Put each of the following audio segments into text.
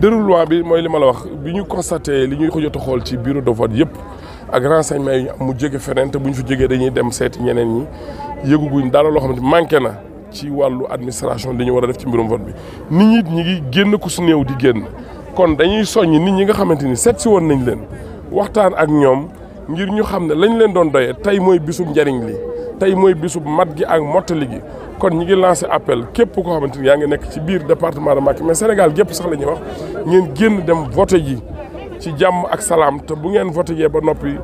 déroulement bi mooy li ma la wax bi ñu constaté li ñuy xojota xool ci bureau de vote yëpp ak renseignement yi mu jóge feneen te bu ñu fa jegee dañuy dem seeti ñeneen ñi yëguguñ dara loo xam ne manqué na ci wàllu administration li ñu war a def ci mbirum vote bi nit ñi ñi ngi génn ku su néew di génn kon dañuy soññ nit ñi nga xamante ni seet si woon nañ leen waxtaan ak ñoom ngir ñu xam ne lañ leen doon doyee tey mooy bisum njariñ li tey mooy bisub mat gi ak mottali gi kon ñi ngi lancé appel képp koo xamante ni yaa ngi nekk ci biir département de Mbacké mais Sénégal gépp sax la ñuy wax ngeen génn dem voté ji ci jàmm ak salaam te bu ngeen voté jee ba noppi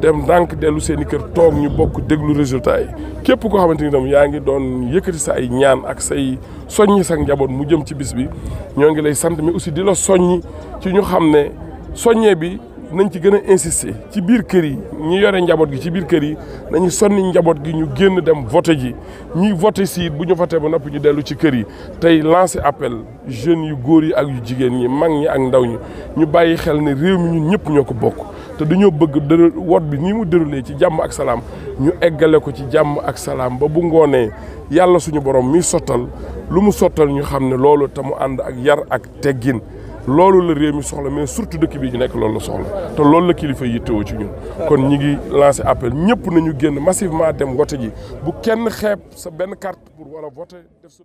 dem ndànk dellu seen i kër toog ñu bokk déglu résultat yi képp koo xamante ni tam yaa ngi doon yëkkati sa ay ñaan ak say soññi sa njaboot mu jëm ci bis bi ñoo ngi lay sant mi aussi di la soññi ci ñu xam ne soññee bi nañ ci gën a insister ci biir kër yi ñu yore njaboot gi ci biir kër yi nañu sonni njaboot gi ñu génn dem voté ji ñuy voté si bu ñu voté ba noppi ñu dellu ci kër yi tey lancé appel jeunes yu góor yi ak yu jigéen ñi mag ñi ak ndaw ñi ñu bàyyi xel ne réew mi ñun ñëpp ñoo ko bokk te du dañoo bëgg dër wot bi ni mu déroulé ci jàmm ak salaam ñu eggale ko ci jàmm ak salaam ba bu ngoonee yàlla suñu borom mi sottal lu mu sottal ñu xam ne loolu te mu ànd ak yar ak teggin loolu la réew mi soxla mais surtout dëkk bii ñu nekk loolu la soxla te loolu la kilifa yittewoo ci ñun kon ñi ngi lancé appel ñëpp nañu génn massivement dem wote ji bu kenn xeeb sa benn carte pour wala voter def sa